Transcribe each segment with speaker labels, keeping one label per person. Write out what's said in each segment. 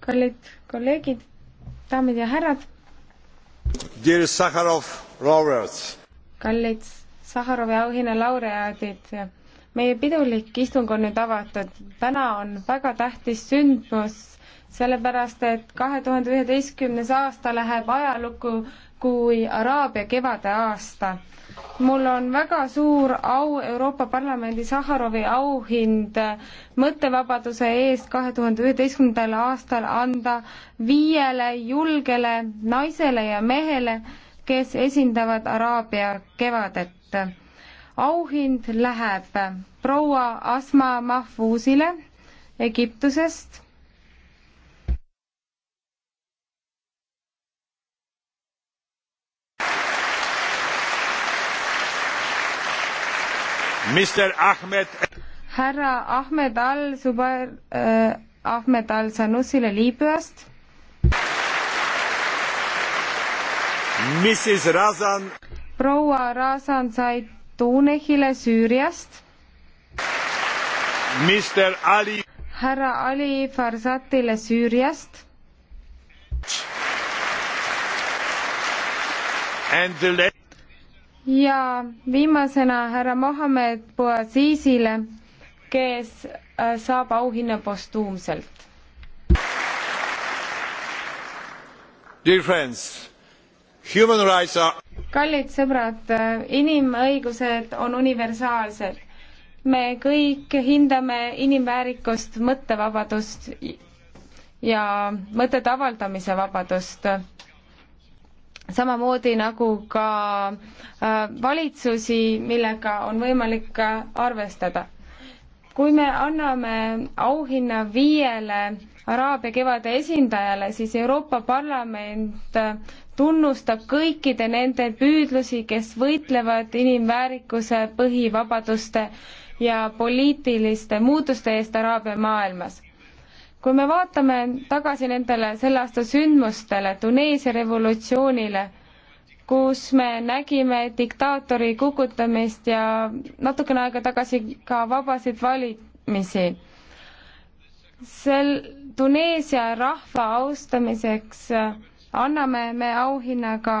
Speaker 1: kallid kolleegid, daamid ja härrad. kallid Sahharovi auhinna laureaadid, meie pidulik istung on nüüd avatud. täna on väga tähtis sündmus, sellepärast et kahe tuhande üheteistkümnes aasta läheb ajalukku kui Araabia kevade aasta mul on väga suur au Euroopa Parlamendi Saharovi auhind mõttevabaduse eest kahe tuhande üheteistkümnendal aastal anda viiele julgele naisele ja mehele, kes esindavad Araabia kevadet. auhind läheb proua Asma Mahfuzile Egiptusest härra Ahmed Al-Zubair äh,, Ahmed Al-Sanusile Liibüast. proua Razan sai Tunehile Süüriast. härra Ali Farsatile Süüriast. And the ja viimasena härra Mohammed Bouazizile, kes äh, saab auhinna postuumselt. Are... kallid sõbrad, äh, inimõigused on universaalsed. me kõik hindame inimväärikust, mõttevabadust ja mõtete avaldamise vabadust samamoodi nagu ka äh, valitsusi, millega on võimalik arvestada. kui me anname auhinna viiele Araabia kevade esindajale, siis Euroopa Parlament äh, tunnustab kõikide nende püüdlusi, kes võitlevad inimväärikuse, põhivabaduste ja poliitiliste muutuste eest Araabia maailmas kui me vaatame tagasi nendele selle aasta sündmustele, Tuneesia revolutsioonile, kus me nägime diktaatori kukutamist ja natukene aega tagasi ka vabasid valimisi. sel Tuneesia rahva austamiseks äh, anname me auhinna ka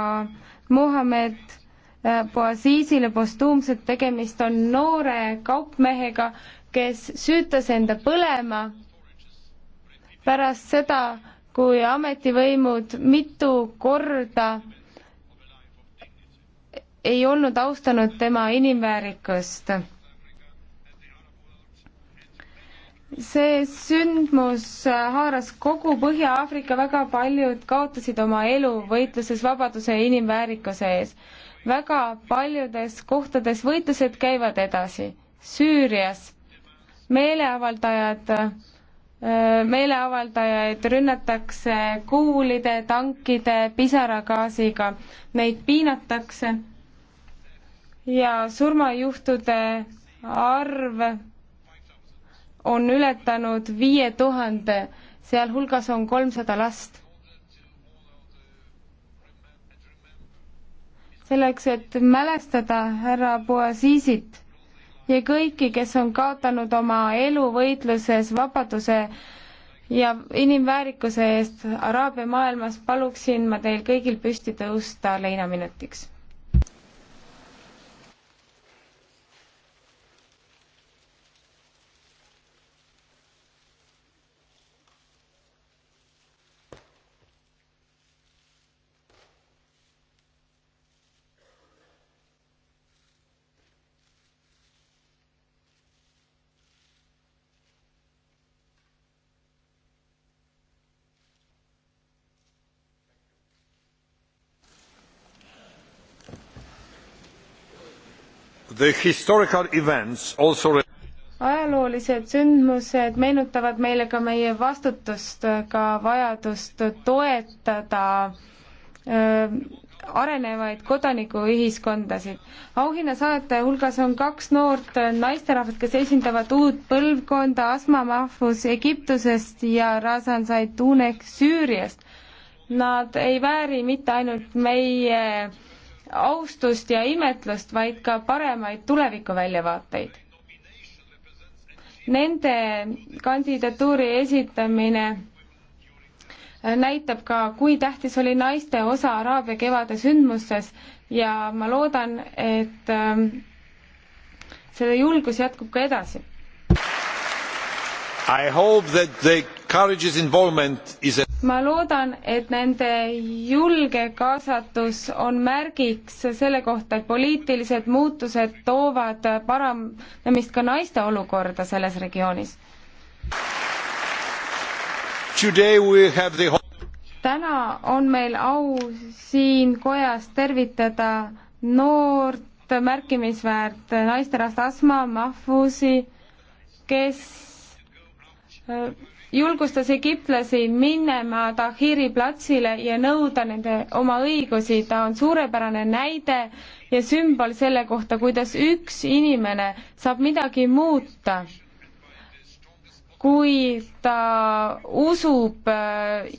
Speaker 1: Muhamed äh, Boazizile postuumset, tegemist on noore kaupmehega, kes süütas enda põlema pärast seda, kui ametivõimud mitu korda ei olnud austanud tema inimväärikust. see sündmus haaras kogu Põhja-Aafrika, väga paljud kaotasid oma elu võitluses vabaduse ja inimväärikuse ees. väga paljudes kohtades võitlused käivad edasi. Süürias meeleavaldajad Äh, meeleavaldajaid rünnatakse kuulide, tankide, pisaragaasiga, neid piinatakse ja surmajuhtude arv on ületanud viie tuhande, sealhulgas on kolmsada last. selleks, et mälestada härra Boazisit ja kõiki, kes on kaotanud oma elu võitluses vabaduse ja inimväärikuse eest Araabia maailmas, paluksin ma teil kõigil püsti tõusta leinaminutiks also... ajaloolised sündmused meenutavad meile ka meie vastutust, ka vajadust toetada öö, äh, arenevaid kodanikuühiskondasid. auhinna saajate hulgas on kaks noort naisterahvast, kes esindavad uut põlvkonda Asma Mahfus Egiptusest ja Razan Zaitunek Süüriast. Nad ei vääri mitte ainult meie äh, austust ja imetlust, vaid ka paremaid tulevikuväljavaateid. Nende kandidatuuri esitamine näitab ka, kui tähtis oli naiste osa Araabia kevade sündmustes ja ma loodan, et ähm, see julgus jätkub ka edasi. I hope that the ma loodan, et nende julge kaasatus on märgiks selle kohta, et poliitilised muutused toovad paranemist ka naiste olukorda selles regioonis.
Speaker 2: The...
Speaker 1: täna on meil au siin kojas tervitada noort märkimisväärt naisterahvast Asma Mahfusi, kes julgustas egiptlasi minema Tahiri platsile ja nõuda nende oma õigusi. ta on suurepärane näide ja sümbol selle kohta, kuidas üks inimene saab midagi muuta, kui ta usub äh,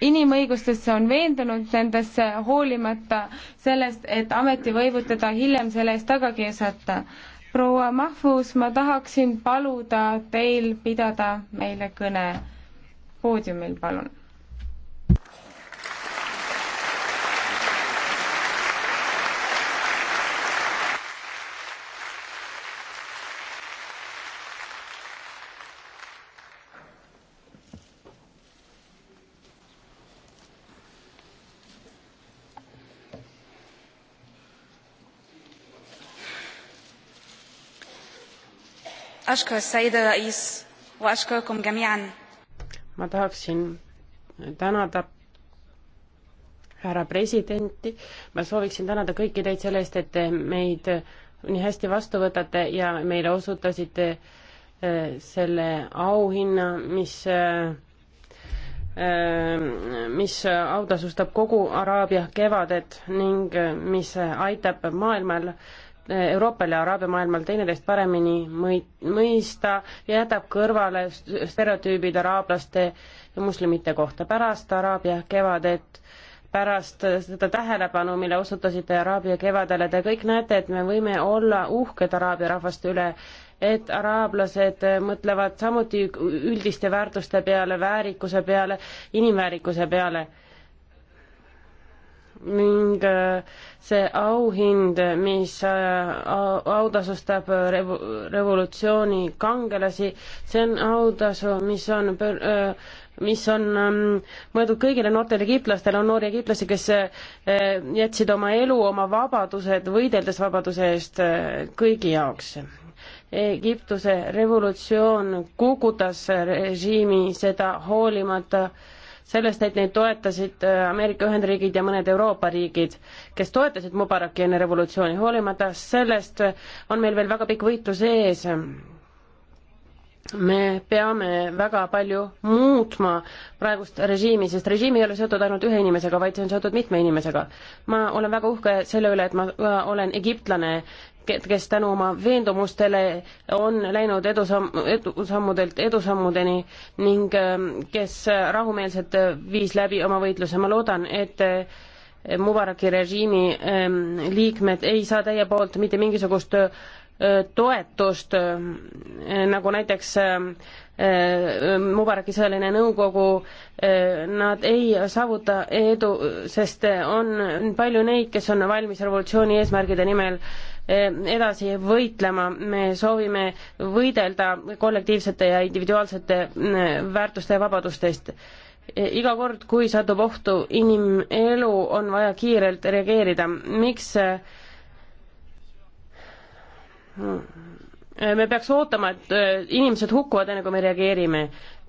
Speaker 1: inimõigustesse on veendunud nendesse, hoolimata sellest, et ametivõivud teda hiljem selle eest tagakiusata proua Mahvus, ma tahaksin paluda teil pidada meile kõne poodiumil, palun أشكر السيد الرئيس وأشكركم جميعا
Speaker 2: ma tahaksin tänada härra presidenti, ma sooviksin tänada kõiki teid selle eest, et te meid nii hästi vastu võtate ja meile osutasite äh, selle auhinna, mis äh, mis autasustab kogu Araabia kevadet ning äh, mis aitab maailmal Euroopal ja Araabia maailmal teineteist paremini mõi-, mõista ja jätab kõrvale stereotüübid araablaste ja moslemite kohta. pärast Araabia kevadet, pärast seda tähelepanu, mille osutasite Araabia kevadele, te kõik näete, et me võime olla uhked araabia rahvaste üle, et araablased mõtlevad samuti üldiste väärtuste peale, väärikuse peale, inimväärikuse peale ning äh, see auhind, mis äh, autasustab äh, revo-, revolutsiooni kangelasi, see on autasu, mis on pöör-, mis on ähm, mõeldud kõigile noortele kiplastele, on noori kiplasi, kes äh, jätsid oma elu, oma vabadused, võideldes vabaduse eest äh, kõigi jaoks. Egiptuse revolutsioon kukutas režiimi, seda hoolimata äh, sellest, et neid toetasid äh, Ameerika Ühendriigid ja mõned Euroopa riigid, kes toetasid Mubaraki enne revolutsiooni, hoolimata sellest äh, on meil veel väga pikk võitlus ees. me peame väga palju muutma praegust režiimi, sest režiim ei ole seotud ainult ühe inimesega, vaid see on seotud mitme inimesega. ma olen väga uhke selle üle, et ma olen egiptlane kes tänu oma veendumustele on läinud edusamm, edusammudelt edusammudeni ning ähm, kes rahumeelselt viis läbi oma võitluse. ma loodan, et äh, Mubaraki režiimi ähm, liikmed ei saa teie poolt mitte mingisugust äh, toetust, äh, nagu näiteks ähm, Mubaraki sõjaline nõukogu, nad ei saavuta edu, sest on palju neid, kes on valmis revolutsiooni eesmärgide nimel äh, Eh, edasi võitlema, me soovime võidelda kollektiivsete ja individuaalsete eh, väärtuste ja vabaduste eest. Eh, iga kord, kui satub ohtu inimelu, on vaja kiirelt reageerida, miks Äh, me peaks ootama, et äh, inimesed hukkuvad, enne kui me reageerime.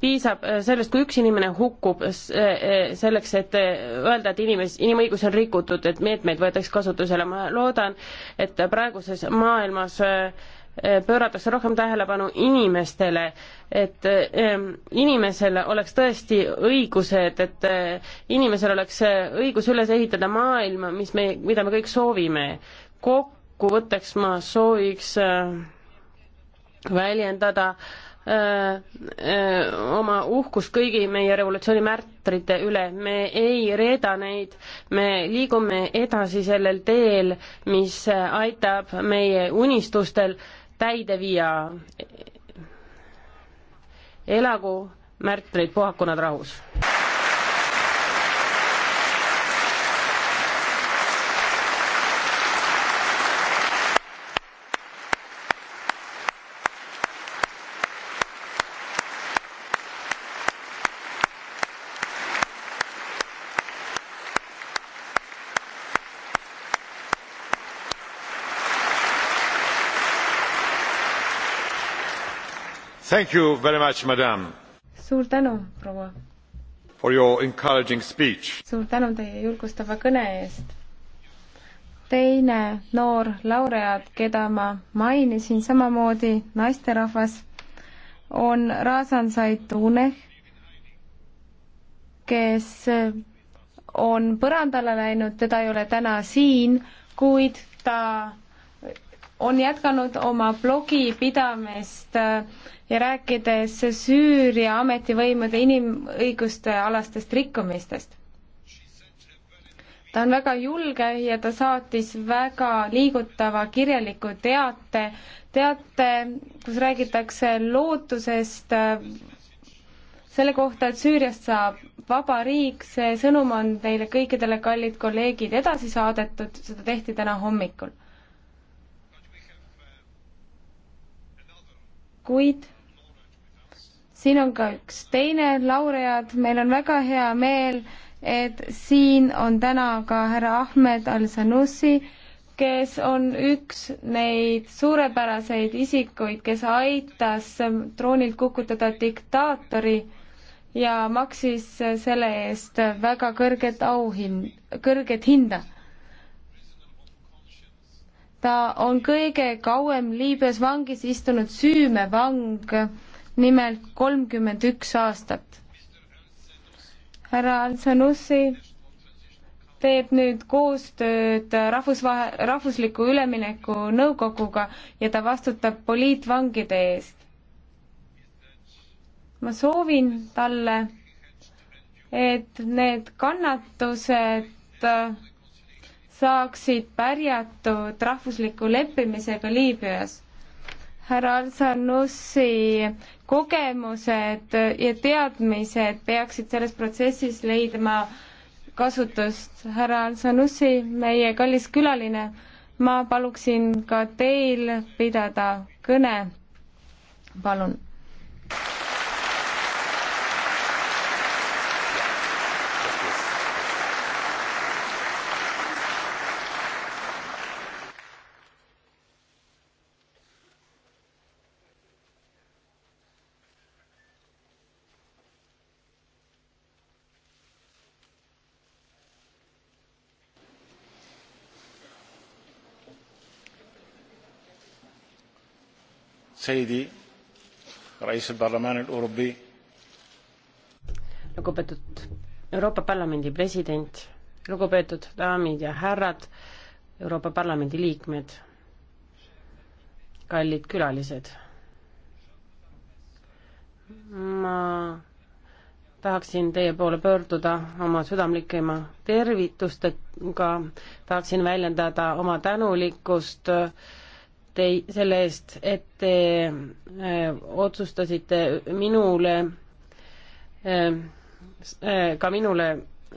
Speaker 2: piisab äh, sellest, kui üks inimene hukkub, selleks, et öelda, et inimes-, inimõigusi on rikutud, et meetmeid võetakse kasutusele. ma loodan, et praeguses maailmas pööratakse rohkem tähelepanu inimestele, et ähm, inimesel oleks tõesti õigused, et inimesel oleks õigus üles ehitada maailma, mis me, mida me kõik soovime. kokkuvõtteks ma sooviks äh, väljendada öö, äh, öö, äh, oma uhkust kõigi meie revolutsiooni märtrite üle. me ei reeda neid, me liigume edasi sellel teel, mis aitab meie unistustel täide viia. elagu märtrid, puhaku nad rahus!
Speaker 1: Thank you very much, madam. suur tänu, proua.
Speaker 2: For your encouraging speech.
Speaker 1: suur tänu teie julgustava kõne eest. teine noor laureaat, keda ma mainisin, samamoodi naisterahvas, on Razan Zaitune, kes on põrandale läinud, teda ei ole täna siin, kuid ta on jätkanud oma blogi pidamist äh, ja rääkides Süüria ametivõimude inimõiguste alastest rikkumistest. ta on väga julge ja ta saatis väga liigutava kirjaliku teate, teate, kus räägitakse lootusest äh, selle kohta, et Süüriast saab vaba riik, see sõnum on teile kõikidele, kallid kolleegid, edasi saadetud, seda tehti täna hommikul kuid siin on ka üks teine laureaat, meil on väga hea meel, et siin on täna ka härra Ahmed Al-Sanussi, kes on üks neid suurepäraseid isikuid, kes aitas troonilt kukutada diktaatori ja maksis selle eest väga kõrget auhind, kõrget hinda ta on kõige kauem Liibüas vangis istunud süümevang, nimelt kolmkümmend üks aastat. härra Al-Sanussi teeb nüüd koostööd rahvusvahe, rahvusliku ülemineku nõukoguga ja ta vastutab poliitvangide eest. ma soovin talle, et need kannatused saaksid pärjatud rahvusliku leppimisega Liibüas. härra Al-Sanussi kogemused ja teadmised peaksid selles protsessis leidma kasutust. härra Al-Sanussi, meie kallis külaline, ma paluksin ka teil pidada kõne, palun سيدي رئيس البرلمان الأوروبي
Speaker 2: lugupeetud Euroopa Parlamendi president, lugupeetud daamid ja härrad, Euroopa Parlamendi liikmed, kallid külalised. ma tahaksin teie poole pöörduda oma südamlikema tervitustega, tahaksin väljendada oma tänulikkust äh, tei-, selle eest, et te äh, otsustasite minule äh,, äh, ka minule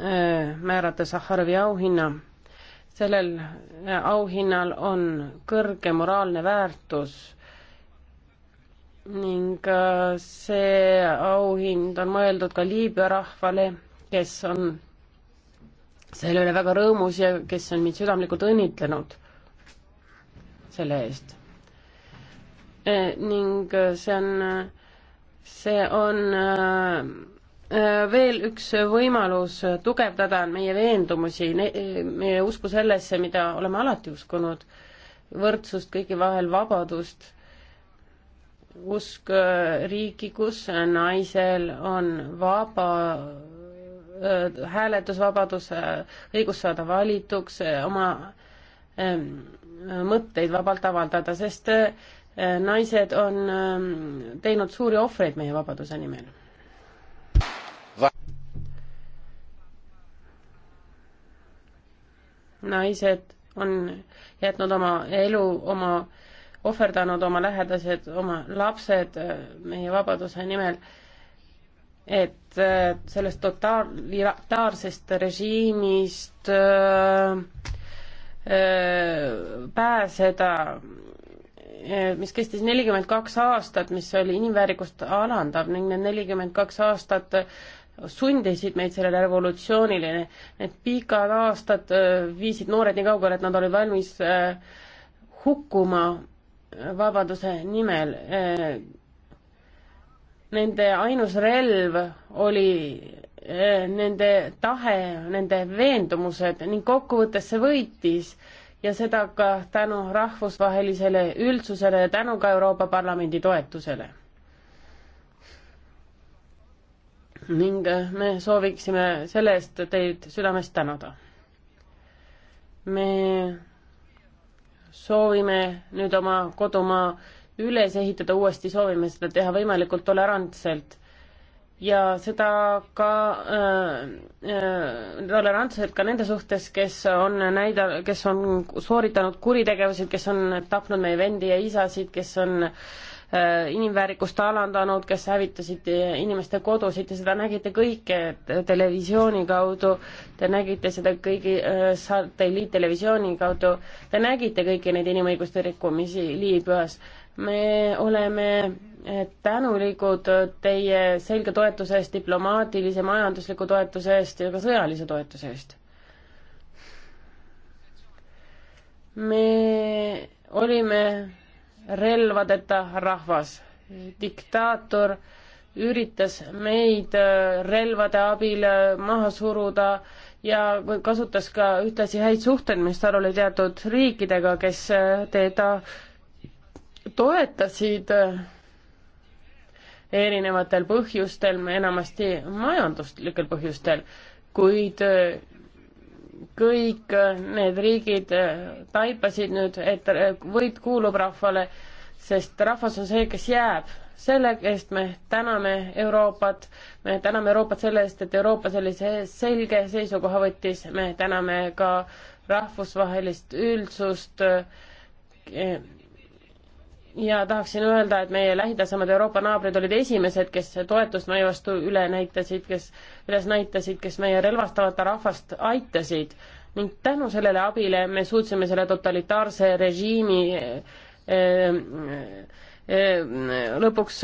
Speaker 2: äh, määrata Sahharovi auhinna. sellel äh, auhinnal on kõrge moraalne väärtus ning äh, see auhind on mõeldud ka Liibüa rahvale, kes on selle üle väga rõõmus ja kes on mind südamlikult õnnitlenud selle eest e,. ning see on, see on e, veel üks võimalus tugevdada meie veendumusi, meie usku sellesse, mida oleme alati uskunud, võrdsust kõigi vahel, vabadust, usk e, riiki, kus naisel on vaba e, hääletusvabadus, õigus saada valituks, oma ähm, mõtteid vabalt avaldada, sest äh, naised on ähm, teinud suuri ohvreid meie vabaduse nimel. naised on jätnud oma elu, oma, ohverdanud oma lähedased, oma lapsed äh, meie vabaduse nimel, et äh, sellest totalitaarsest režiimist äh, pääseda, mis kestis nelikümmend kaks aastat, mis oli inimväärikust alandav ning need nelikümmend kaks aastat sundisid meid sellele revolutsioonile. Need pikad aastad viisid noored nii kaugele, et nad olid valmis hukkuma vabaduse nimel. Nende ainus relv oli Äh, nende tahe, nende veendumused ning kokkuvõttes see võitis ja seda ka tänu rahvusvahelisele üldsusele ja tänu ka Euroopa Parlamendi toetusele ning äh, me sooviksime selle eest teid südamest tänada. me soovime nüüd oma kodumaa üles ehitada uuesti, soovime seda teha võimalikult tolerantselt ja seda ka äh, äh, tolerantselt ka nende suhtes, kes on näida-, kes on sooritanud kuritegevusi, kes on tapnud meie vendi ja isasid, kes on äh, inimväärikust alandanud, kes hävitasid äh, inimeste kodusid ja seda nägite kõike televisiooni kaudu, te nägite seda kõigi äh, satelliittelevisiooni kaudu, te nägite kõiki neid inimõiguste rikkumisi Liibüas. me oleme tänulikud teie selge toetuse eest, diplomaatilise, majandusliku toetuse eest ja ka sõjalise toetuse eest. me olime relvadeta rahvas. diktaator üritas meid relvade abil maha suruda ja kasutas ka ühtlasi häid suhteid, mis tal oli teatud riikidega, kes teda toetasid erinevatel põhjustel, enamasti majanduslikel põhjustel, kuid äh, kõik äh, need riigid äh, taipasid nüüd, et võit kuulub rahvale, sest rahvas on see, kes jääb. selle eest me täname Euroopat, me täname Euroopat selle eest, et Euroopa sellise selge seisukoha võttis, me täname ka rahvusvahelist üldsust ja tahaksin öelda, et meie lähitasemad Euroopa naabrid olid esimesed, kes toetust meie vastu üle näitasid, kes üles näitasid, kes meie relvastamata rahvast aitasid ning tänu sellele abile me suutsime selle totalitaarse režiimi eh, eh, eh, lõpuks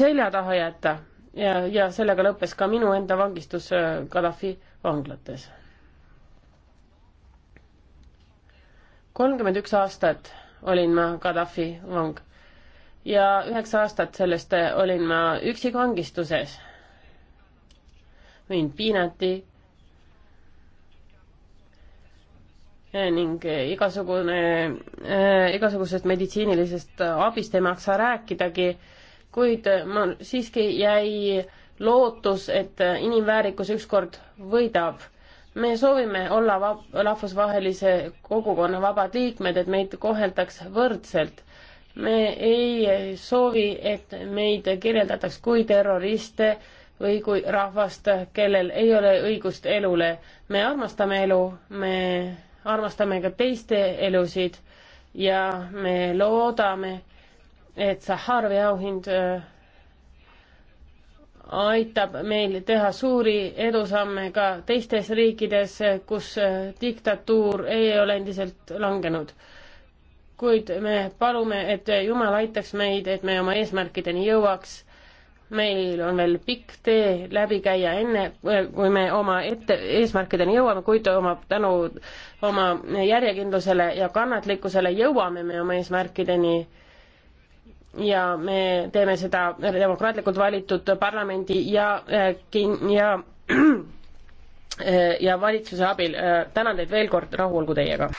Speaker 2: selja taha jätta ja, ja sellega lõppes ka minu enda vangistus Gaddafi vanglates. kolmkümmend üks aastat olin ma Gaddafi vang. ja üheksa aastat sellest olin ma üksikvangistuses. mind piinati. ning eh, igasugune äh,, igasugusest meditsiinilisest abist ei maksa rääkidagi, kuid ma siiski jäi lootus, et inimväärikus ükskord võidab me soovime olla vab-, rahvusvahelise kogukonna vabad liikmed, et meid koheldaks võrdselt. me ei soovi, et meid kirjeldataks kui terroriste või kui rahvast, kellel ei ole õigust elule. me armastame elu, me armastame ka teiste elusid ja me loodame, et Sahharovi auhind äh, aitab meil teha suuri edusamme ka teistes riikides, kus äh, diktatuur ei ole endiselt langenud. kuid me palume, et Jumal aitaks meid, et me oma eesmärkideni jõuaks. meil on veel pikk tee läbi käia enne, äh, kui me oma ette, eesmärkideni jõuame, kuid oma tänu oma järjekindlusele ja kannatlikkusele jõuame me oma eesmärkideni ja me teeme seda demokraatlikult valitud parlamendi ja, äh, ja äh, ja valitsuse abil. Äh, tänan teid veel kord, rahu olgu teiega!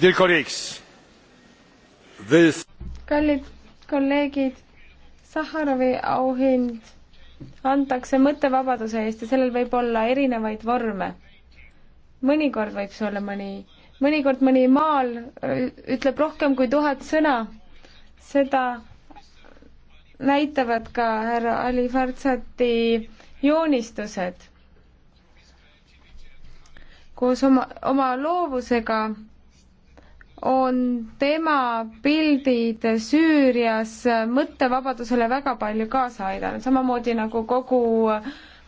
Speaker 1: This... kallid kolleegid, Sahharovi auhind antakse mõttevabaduse eest ja sellel võib olla erinevaid vorme. mõnikord võib see olla mõni, mõnikord mõni maal äh, ütleb rohkem kui tuhat sõna. seda näitavad ka härra Ali Fartsati joonistused koos oma, oma loovusega on tema pildid Süürias mõttevabadusele väga palju kaasa aidanud, samamoodi nagu kogu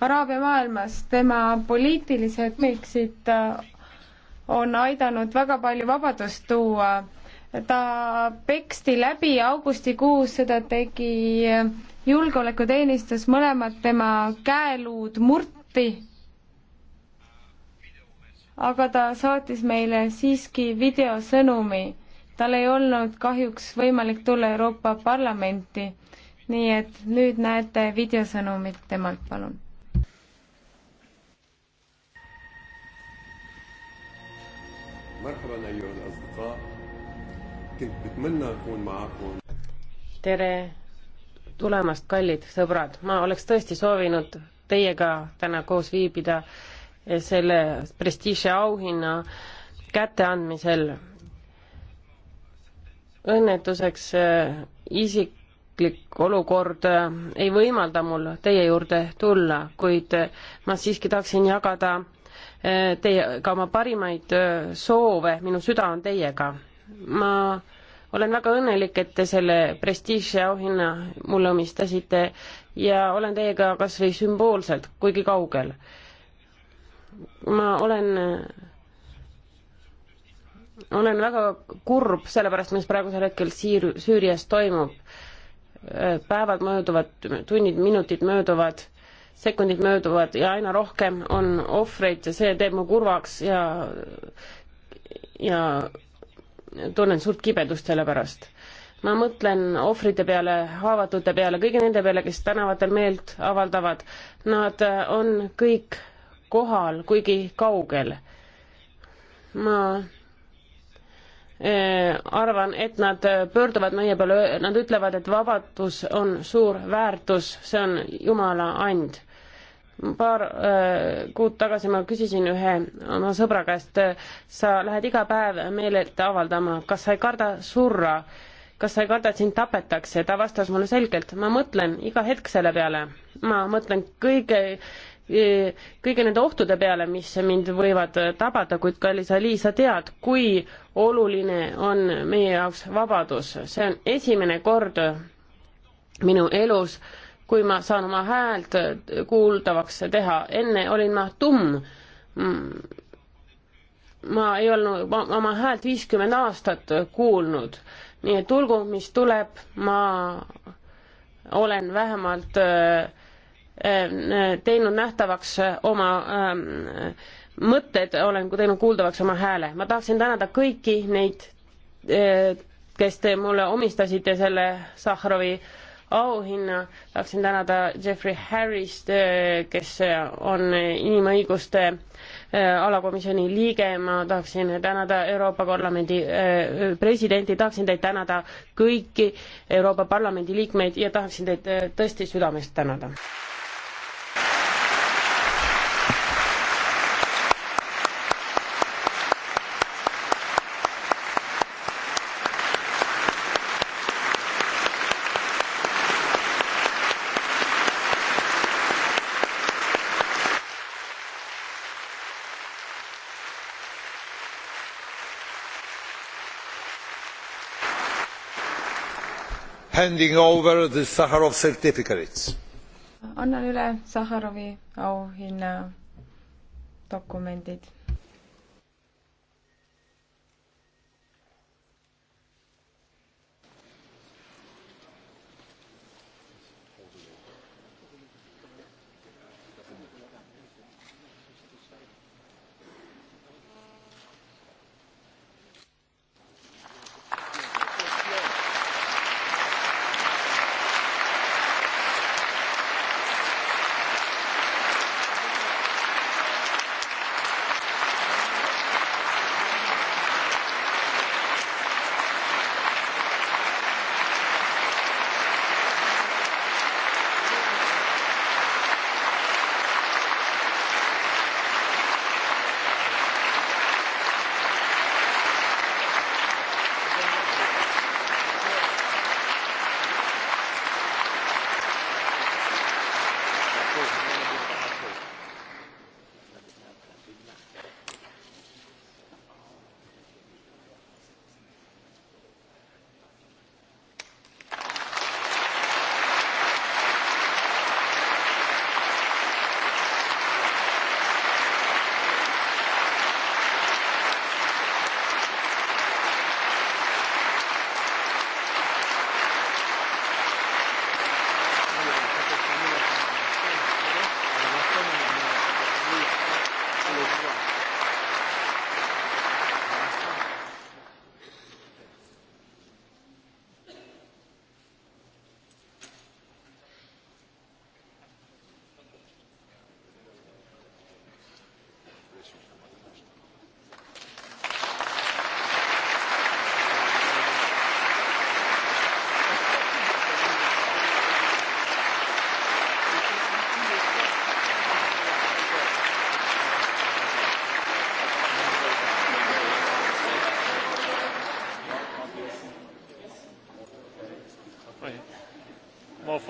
Speaker 1: Araabia maailmas tema poliitilised miksid on aidanud väga palju vabadust tuua. ta peksti läbi augustikuus, seda tegi julgeolekuteenistus, mõlemad tema käeluud murti aga ta saatis meile siiski videosõnumi. tal ei olnud kahjuks võimalik tulla Euroopa Parlamenti, nii et nüüd näete videosõnumit temalt, palun
Speaker 2: tere tulemast, kallid sõbrad, ma oleks tõesti soovinud teiega täna koos viibida selle prestiiži auhinna kätteandmisel. õnnetuseks äh, isiklik olukord äh, ei võimalda mul teie juurde tulla, kuid äh, ma siiski tahaksin jagada teiega oma parimaid soove, minu süda on teiega. ma olen väga õnnelik, et te selle prestiiži auhinna mulle omistasite ja olen teiega kas või sümboolselt kuigi kaugel ma olen olen väga kurb selle pärast, mis praegusel hetkel siir-, Süürias toimub. päevad mööduvad, tunnid, minutid mööduvad, sekundid mööduvad ja aina rohkem on ohvreid ja see teeb mu kurvaks ja, ja tunnen suurt kibedust selle pärast. ma mõtlen ohvrite peale, haavatute peale, kõigi nende peale, kes tänavatel meelt avaldavad. Nad on kõik kohal, kuigi kaugel. ma äh, arvan, et nad pöörduvad meie peale, nad ütlevad, et vabadus on suur väärtus, see on Jumala and. paar äh, kuud tagasi ma küsisin ühe oma sõbra käest, sa lähed iga päev meeletu avaldama, kas sa ei karda surra, kas sa ei karda, et sind tapetakse, ta vastas mulle selgelt, ma mõtlen iga hetk selle peale, ma mõtlen kõige kõigi nende ohtude peale, mis mind võivad tabada, kuid kallis Ali, sa tead, kui oluline on meie jaoks vabadus. see on esimene kord minu elus, kui ma saan oma häält kuuldavaks teha. enne olin ma tumm. ma ei olnud, ma oma häält viiskümmend aastat kuulnud, nii et tulgu, mis tuleb, ma olen vähemalt äh, Ähm, teinud nähtavaks äh, oma ähm, mõtted, olen teinud kuuldavaks oma hääle. ma tahaksin tänada kõiki neid, äh, kes te mulle omistasite selle Sahhrovi auhinna, tahaksin tänada Jeffrey Harrist, äh, kes on inimõiguste alakomisjoni liige, ma tahaksin tänada Euroopa Parlamendi presidenti, tahaksin teid tänada kõiki Euroopa Parlamendi liikmeid ja tahaksin teid tõesti südamest tänada
Speaker 1: handing over the Sakharov certificates. annan üle Sahharovi auhinna dokumendid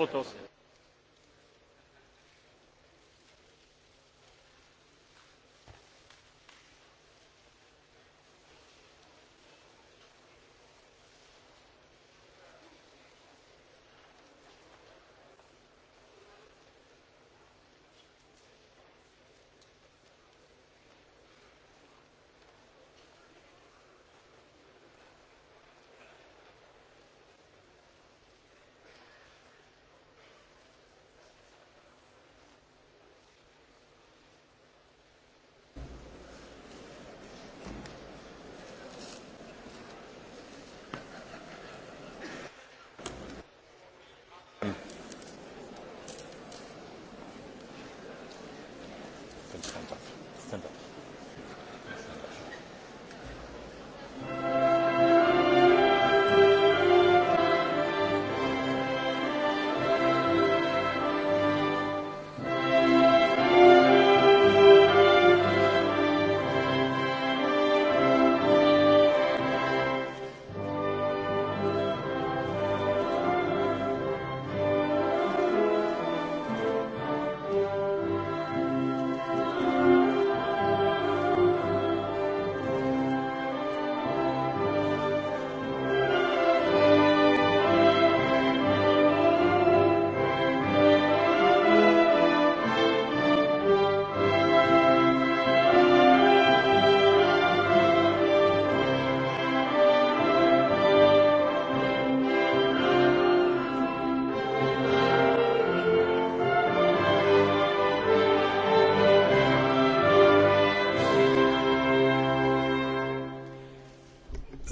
Speaker 1: fotos.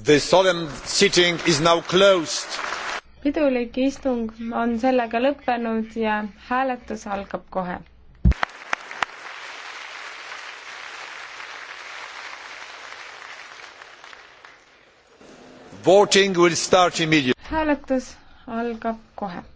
Speaker 2: The solemn sitting is now
Speaker 1: closed. pidulik istung on sellega lõppenud ja hääletus algab kohe. Voting will start immediately. hääletus algab kohe